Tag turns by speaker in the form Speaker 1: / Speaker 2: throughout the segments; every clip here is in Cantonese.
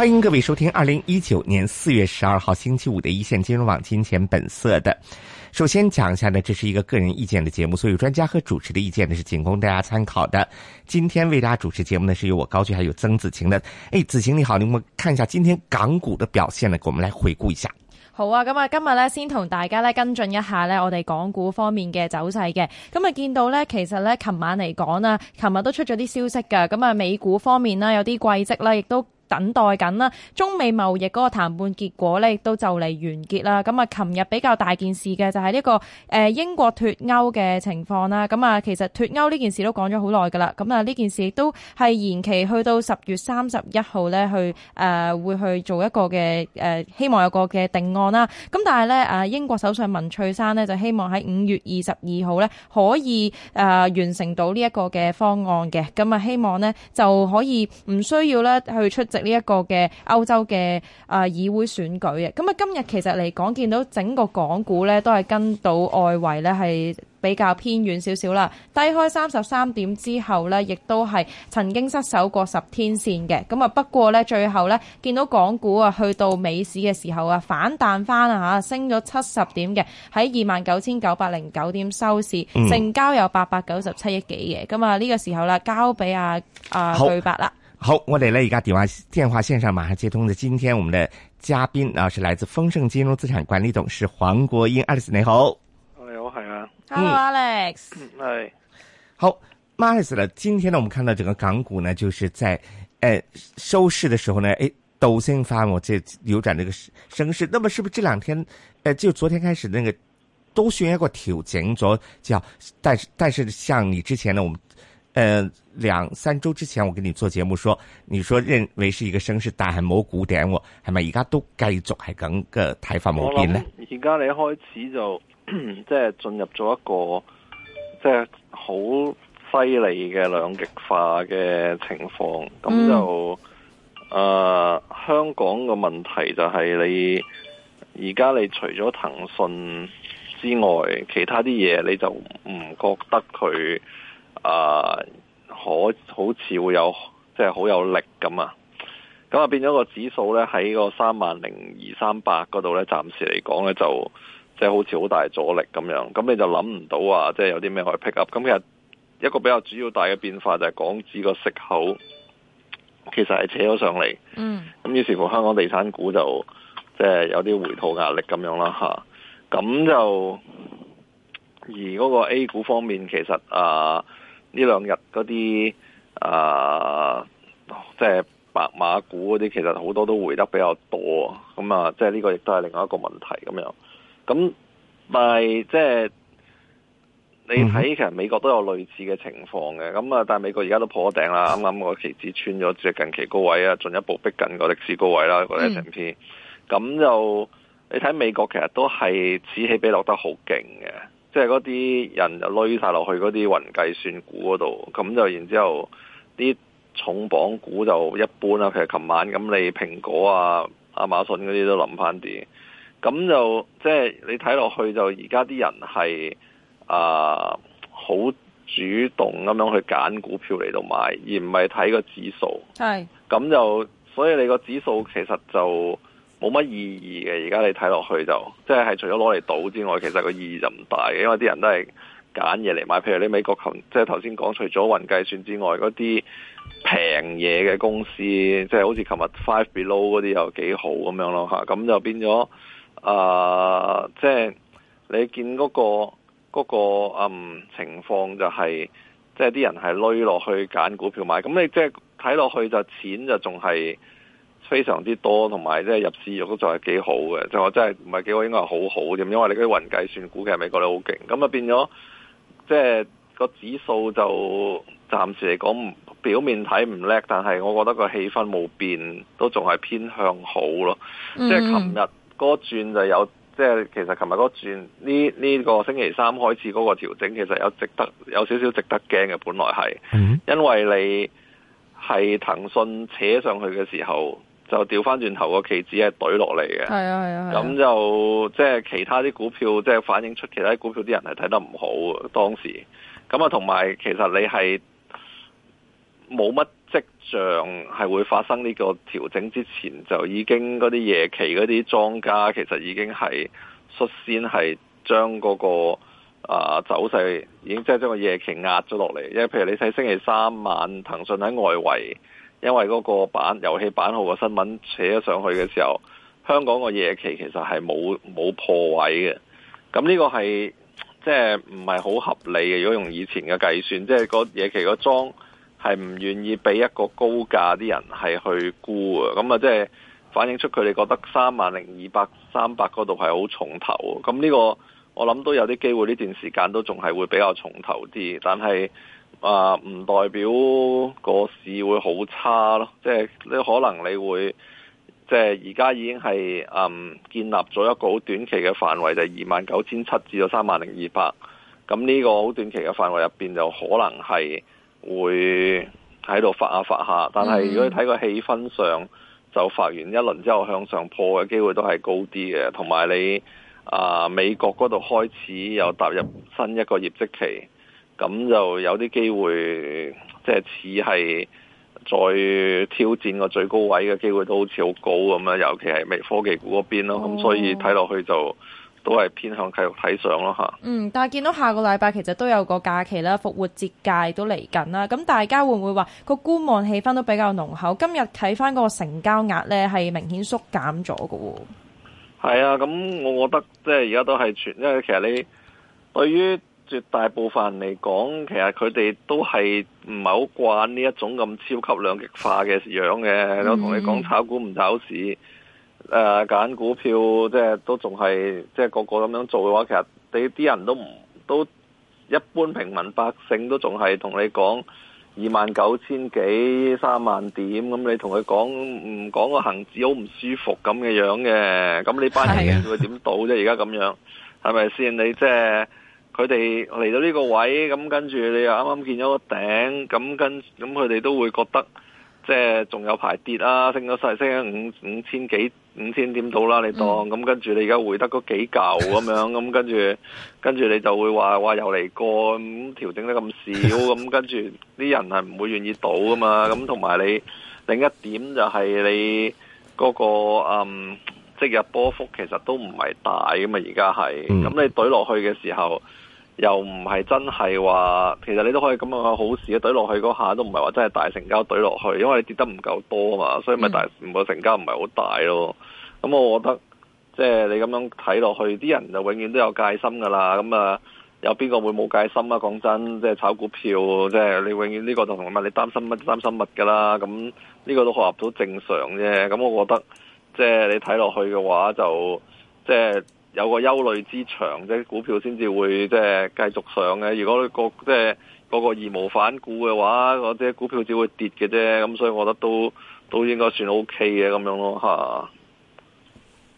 Speaker 1: 歡迎各位收聽二零一九年四月十二號星期五的一線金融網金錢本色的。首先講一下呢，這是一個個人意見的節目，所有專家和主持的意見呢是僅供大家參考的。今天為大家主持節目呢，是由我高俊還有曾子晴的。哎，子晴你好，你們看一下今天港股的表現呢，給我們來回顧一下。
Speaker 2: 好啊，咁啊，今日呢，先同大家呢，跟進一下呢，我哋港股方面嘅走勢嘅。咁啊，見到呢，其實呢，琴晚嚟講啊，琴日都出咗啲消息噶。咁啊，美股方面呢，有啲季績啦，亦都。等待緊啦，中美貿易嗰個談判結果咧，亦都就嚟完結啦。咁啊，琴日比較大件事嘅就係呢個誒英國脱歐嘅情況啦。咁啊，其實脱歐呢件事都講咗好耐噶啦。咁啊，呢件事亦都係延期去到十月三十一號咧，去誒會去做一個嘅誒希望有個嘅定案啦。咁但係咧誒英國首相文翠珊咧就希望喺五月二十二號咧可以誒完成到呢一個嘅方案嘅。咁啊，希望咧就可以唔需要咧去出席，呢一個嘅歐洲嘅啊議會選舉。咁啊，今日其實嚟講見到整個港股咧，都係跟到外圍咧，係比較偏遠少少啦，低開三十三點之後咧，亦都係曾經失守過十天綫嘅，咁啊不過咧，最後咧見到港股啊去到尾市嘅時候啊反彈翻，啊吓，升咗七十點嘅，喺二萬九千九百零九點收市，成交有八百九十七億幾嘅，咁啊呢個時候啦、啊，交俾啊阿對白啦。
Speaker 1: 好，我嚟了一個電話，電話線上馬上接通的。今天我們的嘉賓啊，是來自豐盛金融資產管理董事黃國英，Alex，你好。
Speaker 2: 你、哎，好，係啊。Hello，Alex。嗯，係。
Speaker 1: 好，Alex 呢？今天呢，我們看到整個港股呢，就是在誒、呃、收市的時候呢，誒倒升返，我這扭轉這個升勢。那麼是不是這兩天，誒、呃、就昨天開始那個都算一個調整，左叫，但是但是像你之前呢，我們。嗯、呃，兩三周之前我跟你做節目說，說你說認為是一個盛世，但係冇古典。哦，我係咪而家都繼續係咁嘅睇法冇變呢？
Speaker 3: 而家你開始就即係進入咗一個即係好犀利嘅兩極化嘅情況，咁就誒、嗯呃、香港嘅問題就係你而家你除咗騰訊之外，其他啲嘢你就唔覺得佢？啊，可好似會有即係好有力咁啊，咁啊變咗個指數咧喺個三萬零二三百嗰度咧，暫時嚟講咧就即係、就是、好似好大阻力咁樣，咁你就諗唔到啊，即、就、係、是、有啲咩可以 pick up。咁其實一個比較主要大嘅變化就係港紙個息口其實係扯咗上嚟，嗯，咁於是乎香港地產股就即係、就是、有啲回吐壓力咁樣啦、啊、吓，咁就。而嗰個 A 股方面，其實啊，呢兩日嗰啲啊，即係、呃就是、白馬股嗰啲，其實好多都回得比較多咁啊、嗯，即係呢個亦都係另外一個問題，咁樣，咁但係即係你睇，其實美國都有類似嘅情況嘅。咁、嗯、啊，但係美國而家都破咗頂啦，啱啱個期指穿咗即係近期高位啊，進一步逼近個歷史高位啦個 S&P、嗯。咁、嗯、就你睇美國其實都係此起彼，彼落得好勁嘅。即係嗰啲人就攞晒落去嗰啲雲計算股嗰度，咁就然之後啲重磅股就一般啦。其實琴晚咁，那你蘋果啊、亞馬遜嗰啲都諗翻啲，咁就即係你睇落去就而家啲人係啊好主動咁樣去揀股票嚟，到買，而唔係睇個指數。係咁是就，所以你個指數其實就。冇乜意義嘅，而家你睇落去就，即係除咗攞嚟賭之外，其實個意義就唔大嘅，因為啲人都係揀嘢嚟買，譬如你美國，即係頭先講除咗雲計算之外，嗰啲平嘢嘅公司，即係好似琴日 Five Below 嗰啲又幾好咁樣咯吓，咁就變咗，啊、呃，即係你見嗰、個嗰、個嗯情況就係、是，即係啲人係累落去揀股票買，咁你即係睇落去就錢就仲係。非常之多，同埋即係入市亦都仲係幾好嘅，就話真係唔係幾個好，好，應該係好好點，因為你嗰啲雲計算股喺美國都好勁，咁啊變咗即係個指數就暫時嚟講，表面睇唔叻，但係我覺得個氣氛冇變，都仲係偏向好咯。即係琴日嗰轉就有，即係其實琴日嗰轉呢呢個星期三開始嗰個調整，其實有值得有少少值得驚嘅，本來係，因為你係騰訊扯上去嘅時候。就掉翻轉頭個期指係攤落嚟嘅，係啊係啊，咁就即、係、係其他啲股票，即、就、係、係、反映出其他啲股票啲人係睇得唔好。當時，咁啊同埋其實你係冇乜跡象係會發生呢個調整之前，就已經嗰啲夜期嗰啲莊家其實已經係率先係將嗰、嗰個、啊、走勢，已經即係將個夜期壓咗落嚟。因為譬如你睇星期三晚騰訊喺外圍。因為嗰個版遊戲版號嘅新聞寫咗上去嘅時候，香港個夜期其實係冇冇破位嘅。咁呢個係即係唔係好合理嘅？如果用以前嘅計算，即係個夜期個莊係唔願意俾一個高價啲人係去沽啊。咁啊，即係反映出佢哋覺得三萬零二百三百嗰度係好重頭。咁呢個我諗都有啲機會，呢段時間都仲係會比較重頭啲，但係。啊，唔代表個市會好差咯，即係你可能你會，即係而家已經係嗯，建立咗一個好短期嘅範圍，就二萬九千七至到三萬零二百，咁呢個好短期嘅範圍入面，就可能係會喺度發下發一下，但係如果你睇個氣氛上，就發完一輪之後向上破嘅機會都係高啲嘅，同埋你啊、呃、美國嗰度開始又踏入新一個業績期。咁就有啲機會，即係似係再挑戰個最高位嘅機會，都好似好高咁啊。尤其係微科技股嗰邊咯，咁、哦、所以睇落去就都係偏向繼續睇上咯吓，嗯，
Speaker 2: 但係見到下個禮拜其實都有個假期啦，復活節假都嚟緊啦。咁大家會唔會話個觀望氣氛都比較濃厚？今日睇翻嗰個成交額呢，係明顯縮減咗嘅喎。
Speaker 3: 係啊，咁我覺得即係而家都係全，因為其實你對於。絕大部分人嚟講，其實佢哋都係唔係好慣呢一種咁超級兩極化嘅樣嘅。嗯、都同你講，炒股唔炒市，誒、啊、揀股票即係都仲係即係個個咁樣做嘅話，其實你啲人都唔都一般平民百姓都仲係同你講二萬九千幾三萬點咁，你同佢講唔講個恆指好唔舒服咁嘅樣嘅，咁呢班人點會點賭啫？而家咁樣係咪先？你即係。佢哋嚟到呢個位咁、嗯，跟住你又啱啱見咗個頂，咁、嗯、跟咁佢哋都會覺得即係仲有排跌啊，升咗晒升咗五五千幾五千點到啦，你當咁、嗯嗯、跟住你而家回得嗰幾嚿咁樣，咁、嗯、跟住跟住你就會話嘩又嚟過咁、嗯、調整得咁少，咁、嗯、跟住啲人係唔會願意賭噶嘛，咁同埋你另一點就係你嗰、那個、嗯、即日波幅其實都唔係大噶嘛，而家係咁你懟落去嘅時候。嗯嗯又唔係真係話，其實你都可以咁啊，好事嘅、啊。對落去嗰下都唔係話真係大成交對落去，因為你跌得唔夠多啊嘛，所以咪大唔、嗯、成交唔係好大咯。咁、嗯、我覺得即係、就是、你咁樣睇落去，啲人就永遠都有戒心噶啦。咁、嗯、啊，有邊個會冇戒心啊？講真，即、就、係、是、炒股票，即、就、係、是、你永遠呢個就同埋你，你擔心乜擔心乜噶啦。咁、嗯、呢、這個都學學到正常啫。咁、嗯、我覺得即係你睇落去嘅話，就即、是、係。有個憂慮之長即股票先至會即係繼續上嘅。如果即個即係嗰個義無反顧嘅話，嗰啲股票只會跌嘅啫。咁所以，我覺得都都應該算 OK 嘅咁樣
Speaker 2: 咯，吓。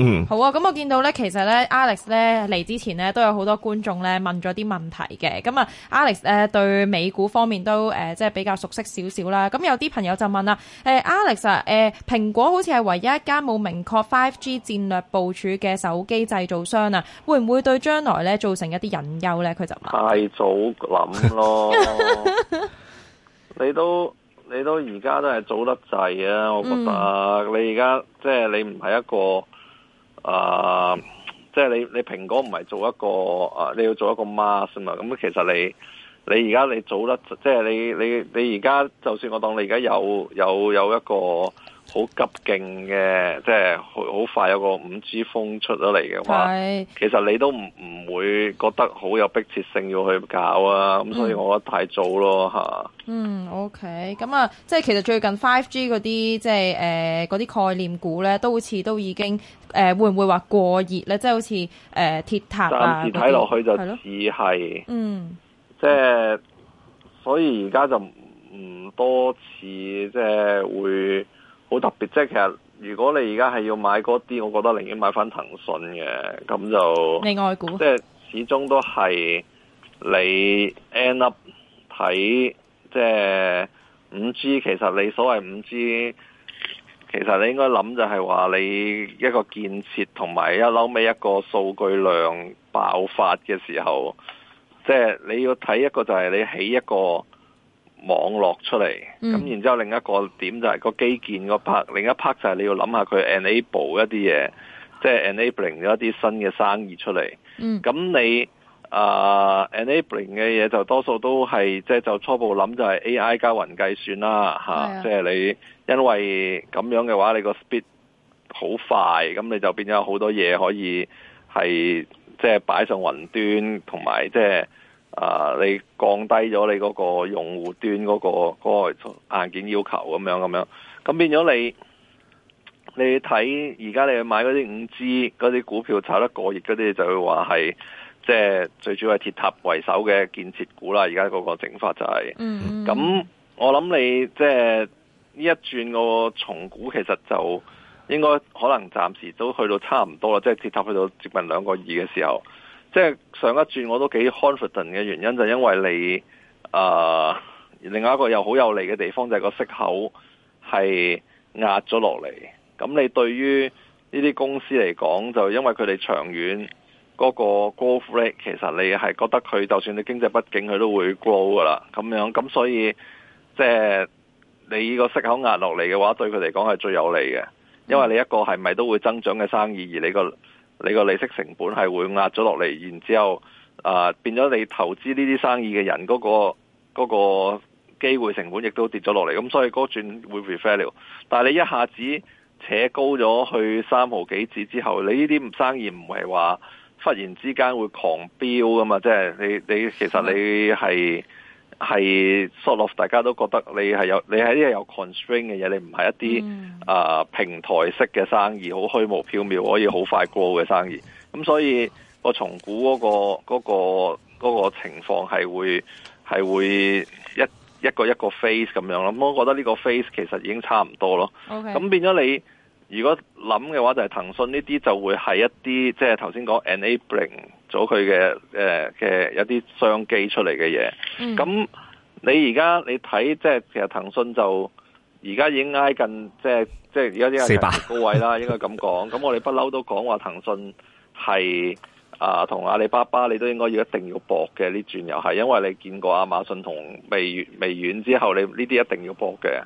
Speaker 2: 嗯，好啊！咁我見到咧，其實咧 Alex 咧，嚟之前咧，都有好多觀眾咧問咗啲問題嘅。咁啊，Alex 咧對美股方面都誒，即係比較熟悉少少啦。咁有啲朋友就問啦，誒、啊、Alex 誒，蘋果好似係唯一一間冇明確 5G 戰略部署嘅手機製造商啊，會唔會對將來咧造成一啲隱憂咧？佢就問
Speaker 3: 太早諗咯， 你都你都而家都係早得滯啊！我覺得、嗯、你而家即係你唔係一個。啊！即係、uh, 你你蘋果唔係做一個啊，你要做一個 max 啊嘛？咁其實你你而家你做得即係、就是、你你你而家就算我當你而家有有有一個。好急勁嘅，即係好快有個五 G 風出咗嚟嘅話，是其實你都唔唔會覺得好有迫切性要去搞啊。咁、嗯、所以我覺得太早咯，吓、嗯。
Speaker 2: 嗯，OK，咁啊，即係其實最近 Five G 嗰啲，即係誒嗰啲概念股咧，都好似都已經誒、呃，會唔會話過熱咧？即係好似誒鐵塔啊，暫時睇落去就似
Speaker 3: 係，嗯，即係所以而家就唔多似，即係會。好特別即係，其實如果你而家係要買嗰啲，我覺得寧願買翻騰訊嘅，咁就你外股，即係始終都係你 end up 睇即係五 G。其實你所謂五 G，其實你應該諗就係話你一個建設同埋一撈尾一個數據量爆發嘅時候，即係你要睇一個就係你起一個。網絡出嚟，咁、嗯、然之後另一個點就係個基建個 part，另一 part 就係你要諗下佢 enable 一啲嘢，即係 enabling 咗一啲新嘅生意出嚟。咁、嗯、你啊、uh, enabling 嘅嘢就多數都係即係就初步諗就係 AI 加雲計算啦嚇，即係你因為咁樣嘅話，你個 speed 好快，咁你就變咗好多嘢可以係即係擺上雲端同埋即係。啊！你降低咗你嗰個用戶端嗰、那個嗰、那個硬件要求咁樣咁樣，咁變咗你你睇而家你買嗰啲五 G 嗰啲股票炒得過熱嗰啲，就會話係即係最主要係鐵塔為首嘅建設股啦。而家嗰個整法就係、是，咁、mm hmm. 我諗你即係呢一轉個重估，其實就應該可能暫時都去到差唔多啦，即係鐵塔去到接近兩個二嘅時候。即係上一轉我都幾 confident 嘅原因就是、因為你啊、呃，另外一個又好有利嘅地方就係、是、個息口係壓咗落嚟。咁你對於呢啲公司嚟講，就因為佢哋長遠嗰、那個 growth rate 其實你係覺得佢就算你經濟不景，佢都會 grow 㗎啦。咁樣咁所以即係、就是、你依個息口壓落嚟嘅話，對佢嚟講係最有利嘅，因為你一個係咪都會增長嘅生意，嗯、而你個。你個利息成本係會壓咗落嚟，然之後啊、呃、變咗你投資呢啲生意嘅人嗰個嗰個機會成本亦都跌咗落嚟。咁所以嗰個轉會 revalue 但係你一下子扯高咗去三毫幾紙之後，你呢啲生意唔係話忽然之間會狂飆噶嘛？即係你你其實你係。係 sort of 大家都覺得你係有你喺呢個有 constraint 嘅嘢，你唔係一啲啊、嗯呃、平台式嘅生意，好虛無縹緲，可以好快過嘅生意。咁所以個重估嗰個嗰、嗰個嗰個、情況係會係會一一個一個 phase 咁樣。咁我覺得呢個 phase 其實已經差唔多咯。咁
Speaker 1: Okay.
Speaker 3: 變咗你如果諗嘅話，就係、是、騰訊呢啲就會係一啲即係頭先講 enabling。咗佢嘅誒嘅一啲商機出嚟嘅嘢，咁、嗯、你而家你睇即係其實騰訊就而家已經挨近即係即係而家啲人高位啦，400 應該咁講。咁 我哋不嬲都講話騰訊係啊、同阿里巴巴，你都應該要一定要搏嘅，呢轉又係，因為你見過亞馬遜同微微軟之後，你呢啲一定要搏嘅。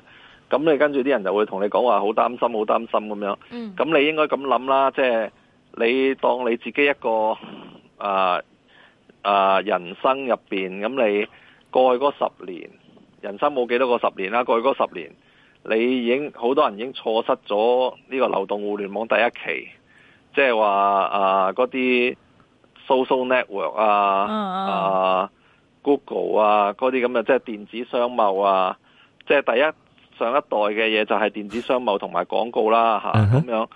Speaker 3: 咁你跟住啲人就會同你講話好擔心，好擔心咁樣。咁、嗯、你應該咁諗啦，即、就、係、是、你當你自己一個。啊啊！人生入面，咁，你過去嗰十年，人生冇幾多個十年啦。過去嗰十年，你已經好多人已經錯失咗呢個流動互聯網第一期，即係話啊嗰啲 social network 啊、uh huh. 啊 Google 啊嗰啲咁嘅，即係、就是、電子商貿啊，即、就、係、是、第一上一代嘅嘢就係電子商貿同埋廣告啦嚇咁樣。咁、uh huh. 啊、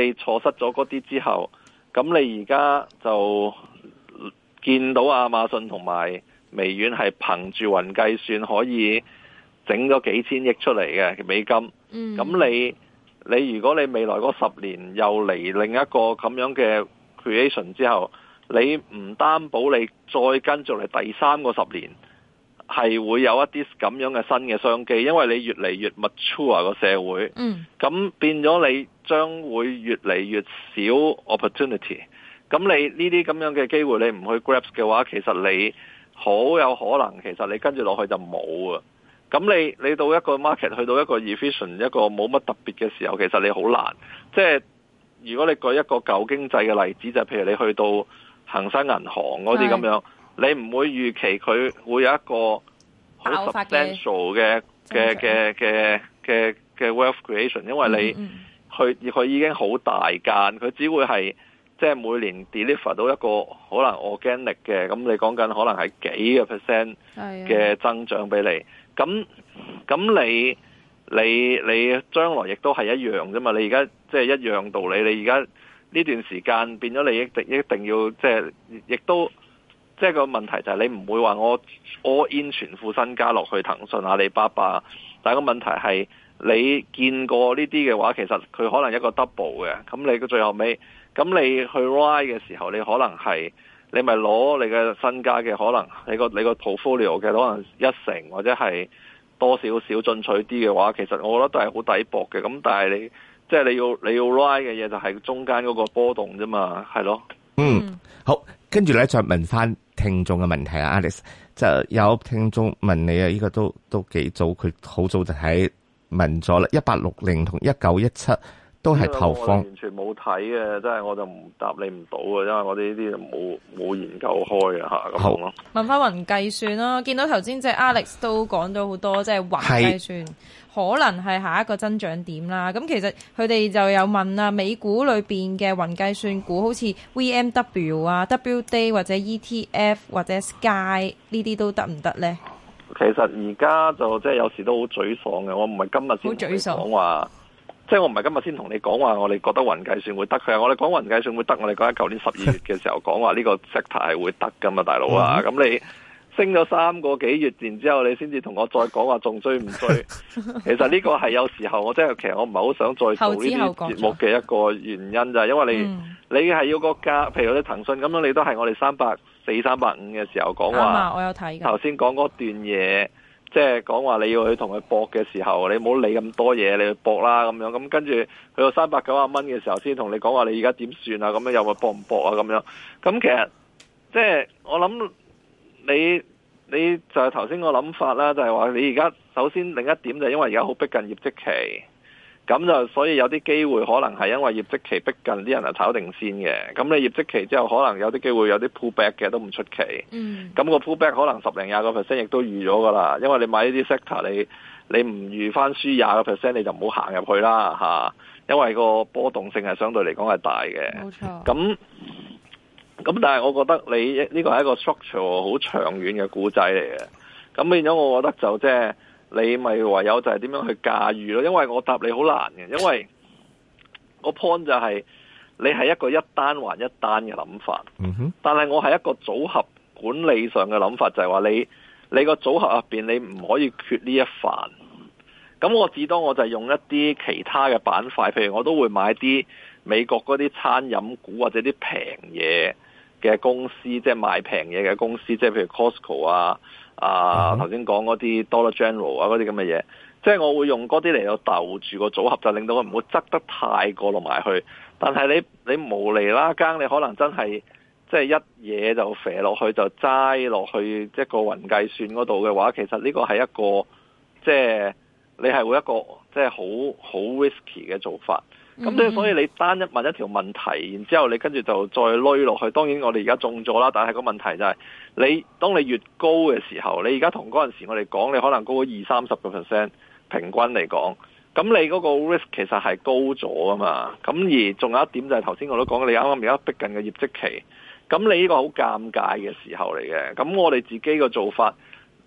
Speaker 3: 你錯失咗嗰啲之後。咁你而家就見到亞馬遜同埋微軟係憑住雲計算可以整咗幾千億出嚟嘅美金，嗯，咁你你如果你未來嗰十年又嚟另一個咁樣嘅 creation 之後，你唔擔保你再跟住嚟第三個十年。係會有一啲咁樣嘅新嘅商機，因為你越嚟越 mature 個社會，咁變咗你將會越嚟越少 opportunity。咁你呢啲咁樣嘅機會，你唔去 grabs 嘅話，其實你好有可能其實你跟住落去就冇啊。咁你你到一個 market 去到一個 efficient 一個冇乜特別嘅時候，其實你好難。即係如果你舉一個舊經濟嘅例子，就係譬如你去到恒生銀行嗰啲咁樣。你唔會預期佢會有一個
Speaker 1: 好 substantial
Speaker 3: 嘅嘅嘅嘅嘅嘅 wealth creation，因為你佢佢、嗯嗯、已經好大間，佢只會係即係每年 deliver 到一個可能 organic 嘅咁。你講緊可能係幾個 percent 嘅增長俾你咁咁，你你你將來亦都係一樣啫嘛。你而家即係一樣道理，你而家呢段時間變咗，你一定一定要即係亦都。即係個問題就係你唔會話我 all in 全副身家落去騰訊、阿里巴巴，但係個問題係你見過呢啲嘅話，其實佢可能一個 double 嘅，咁你個最後尾，咁你去 ride 嘅時候，你可能係你咪攞你嘅身家嘅可能你的的，你個你個 portfolio 嘅可能一成或者係多少少進取啲嘅話，其實我覺得都係好抵博嘅。咁但係你即係你要你要 ride 嘅嘢，就係中間嗰個波動啫嘛，係咯。嗯，
Speaker 1: 好，跟住咧再問翻。聽眾嘅問題啊，Alex，就有聽眾問你啊，呢、這個都都幾早，佢好早就喺問咗啦，一八六零同一九一七都係
Speaker 3: 投放。嗯、完全冇睇嘅，真係我就唔答你唔到啊，因為我哋呢啲就冇冇研究開啊吓。好咯，
Speaker 2: 問返計算咯，見到頭先只 Alex 都講咗好多，即係雲計算。可能係下一個增長點啦。咁其實佢哋就有問啦，美股裏邊嘅雲計算股，好似 VMW 啊、WD 或者 ETF 或者 Sky 呢啲都得唔得呢？
Speaker 3: 其實而家就即係有時都好沮爽嘅，我唔係今日先講話，即係我唔係今日先同你講話，我哋覺得雲計算會得。嘅。我哋講雲計算會得，我哋講喺舊年十二月嘅時候講話呢個 s e c t 會得嘅嘛，大佬啊，咁 你。升咗三個幾月，然之後你先至同我再講話，仲追唔追？ 其實呢個係有時候，我真係其實我唔係好想再做呢啲節目嘅一個原因啫，因為你、嗯、你係要個價。譬如你騰訊咁樣，你都係我哋三百四、三百五嘅時候講話，啊。
Speaker 2: 我有睇嘅。頭
Speaker 3: 先講嗰段嘢，即係講話你要去同佢搏嘅時候，你冇理咁多嘢，你去搏啦咁樣。咁跟住去到三百九啊蚊嘅時候，先同你講話你而家點算啊？咁樣又話搏唔搏啊？咁樣咁其實即係、就是、我諗。你你就係頭先個諗法啦，就係話你而家首先另一點就係因為而家好逼近業績期，咁就所以有啲機會可能係因為業績期逼近，啲人係炒定先嘅。咁你業績期之後可能有啲機會有啲 pullback 嘅都唔出奇。咁個 pullback 可能十零廿個 percent 亦都預咗噶啦，因為你買呢啲 sector，你你唔預翻輸廿個 percent 你就唔好行入去啦、嚇、因為個波動性係相對嚟講係大嘅。冇錯。咁。咁但係我覺得你呢個係一個 structure 好長遠嘅股仔嚟嘅，咁變咗我覺得就即係你咪唯有就係點樣去駕馭咯，因為我答你好難嘅，因為個 point 就係、是、你係一個一單還一單嘅諗法，但係我係一個組合管理上嘅諗法，就係、是、話你你個組合入邊你唔可以缺呢一番，咁我至多我就係用一啲其他嘅板塊，譬如我都會買啲美國嗰啲餐飲股或者啲平嘢。嘅公司即係賣平嘢嘅公司，即係譬如 Costco 啊，啊頭先講嗰啲 Dollar General 啊嗰啲咁嘅嘢，即係我會用嗰啲嚟到逗住個組合，就令到佢唔會執得太過落埋去。但係你你無厘啦更，你可能真係即係一嘢就飛落去就齋落去即係個雲計算嗰度嘅話，其實呢個係一個即係你係會一個即係好好 risky 嘅做法。咁即所以你單一問一條問題，然之後你跟住就再攞落去。當然我哋而家中咗啦，但係個問題就係你當你越高嘅時候，你而家同嗰陣時我哋講，你可能高咗二三十個 percent 平均嚟講，咁你嗰個 risk 其實係高咗啊嘛。咁而仲有一點就係頭先我都講，你啱啱而家逼近嘅業績期，咁你呢個好尷尬嘅時候嚟嘅。咁我哋自己嘅做法，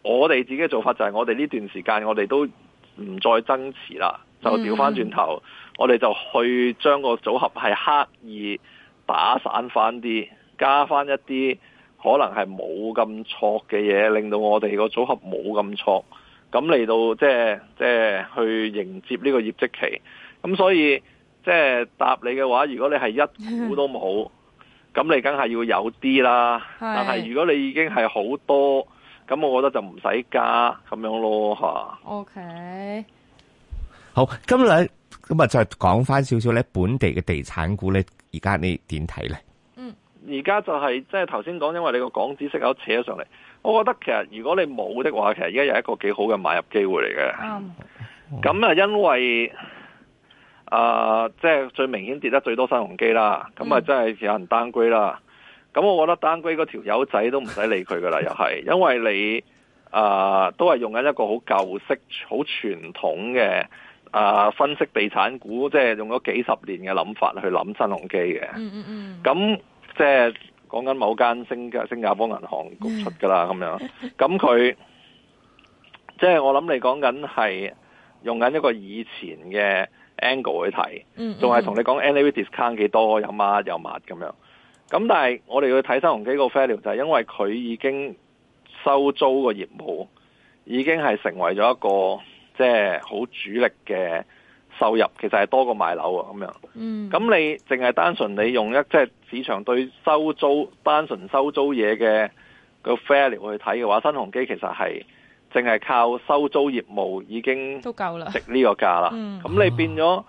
Speaker 3: 我哋自己嘅做法就係我哋呢段時間我哋都唔再增持啦，就調返轉頭。Mm hmm. 我哋就去將個組合係刻意打散翻啲，加翻一啲可能係冇咁錯嘅嘢，令到我哋個組合冇咁錯，咁嚟到即係即係去迎接呢個業績期。咁、嗯、所以即係答你嘅話，如果你係一股都冇，咁 你梗係要有啲啦。
Speaker 2: 但係
Speaker 3: 如果你已經係好多，咁我覺得就唔使加咁樣咯，吓
Speaker 2: O K。
Speaker 1: 好，今日。咁啊，再講翻少少咧，本地嘅地產股咧，而家你點睇咧？嗯、
Speaker 3: 就是，而家就係即係頭先講，因為你個港紙息口扯咗上嚟，我覺得其實如果你冇的話，其實而家有一個幾好嘅買入機會嚟嘅。咁啊、嗯，因為啊，即、呃、係、就是、最明顯跌得最多新鴻基啦，咁啊，即係有人單虧啦。咁、嗯、我覺得單虧嗰條友仔都唔使理佢噶啦，又係，因為你啊、呃，都係用緊一個好舊式、好傳統嘅。啊！Uh, 分析地產股，即係用咗幾十年嘅諗法去諗新鴻基嘅。嗯嗯嗯。咁、hmm. 即係講緊某間新加新加坡銀行局出噶啦，咁樣、mm。咁、hmm. 佢即係我諗你講緊係用緊一個以前嘅 angle 去睇，
Speaker 1: 仲係同你
Speaker 3: 講 NAV discount 幾多，有乜有物咁樣。咁但係我哋去睇新鴻基個 value 就係因為佢已經收租個業務已經係成為咗一個。即係好主力嘅收入，其實係多過賣樓啊咁樣。咁、嗯、你淨係單純你用一即係市場對收租單純收租嘢嘅個 fairly 去睇嘅話，新鴻基其實係淨係靠收租業務已經
Speaker 2: 都夠啦，值呢個價啦。
Speaker 3: 咁、嗯、你變咗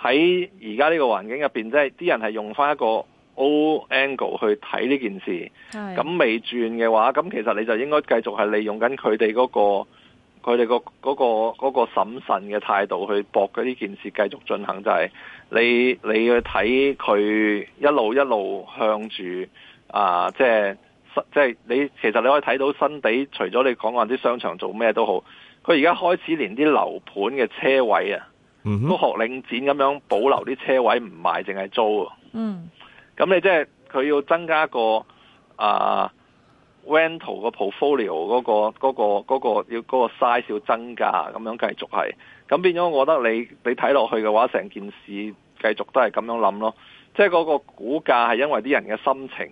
Speaker 3: 喺而家呢個環境入邊，即係啲人係用翻一個 all angle 去睇呢件事。咁是未轉嘅話，咁其實你就應該繼續係利用緊佢哋嗰個。佢哋個嗰個嗰個審慎嘅態度去搏嗰啲件事繼續進行，就係、係、你你去睇佢一路一路向住啊，即係即係你其實你可以睇到新地除咗你講緊啲商場做咩都好，佢而家開始連啲樓盤嘅車位啊，mm hmm. 都學領展咁樣保留啲車位唔賣，淨係租啊。嗯、
Speaker 1: mm，
Speaker 3: 咁、hmm. 你即係佢要增加一個啊。rental 個 portfolio 嗰個嗰個嗰個要嗰個 size 要增加，咁樣繼續係，咁變咗我覺得你你睇落去嘅話，成件事繼續都係咁樣諗咯，即係嗰個股價係因為啲人嘅心情，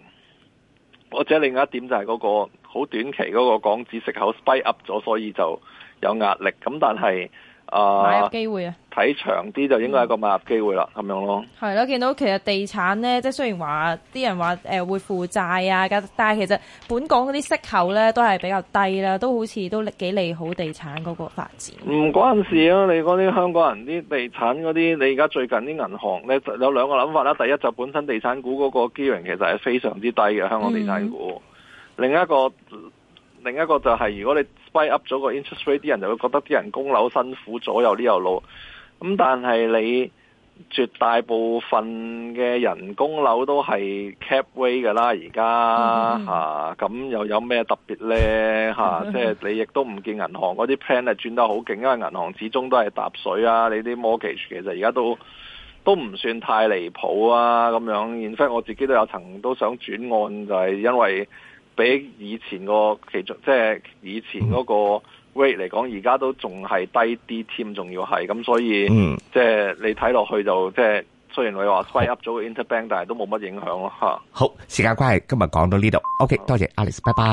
Speaker 3: 或者另外一點就係嗰個好短期嗰個港紙息口 spike up 咗，所以就有壓力，咁但係。啊、買入機會啊！睇長啲就應該係個買入機會啦，咁、嗯、樣咯。
Speaker 2: 係啦，見到其實地產咧，即係雖然話啲人話誒會負債啊，但係其實本港嗰啲息口咧都係比較低啦，都好似都幾利好地產嗰個發展。
Speaker 3: 唔關事啊，你嗰啲香港人啲地產嗰啲，你而家最近啲銀行咧有兩個諗法啦、啊。第一就本身地產股嗰個 gearing 其實係非常之低嘅，香港地產股。嗯、另一個另一個就係如果你。s p e up 咗個 interest rate，啲人就會覺得啲人供樓辛苦，左右呢條路。咁但係你絕大部分嘅人供樓都係 cap way 嘅啦，而家咁又有咩特別呢？即、啊、係、就是、你亦都唔見銀行嗰啲 plan 係轉得好勁，因為銀行始終都係揼水啊。你啲 mortgage 其實而家都都唔算太離譜啊，咁樣。然之後我自己都有層都想轉案，就係、是、因為。比以前個其中即係以前嗰個 rate 嚟講，而家都仲係低啲，添仲要係咁，所以嗯即係你睇落去就即係雖然佢話話 try up 咗個 interbank，好但係都冇乜影響咯吓，
Speaker 1: 好，時間關係今日講到呢度。OK，好多謝 Alice 拜拜。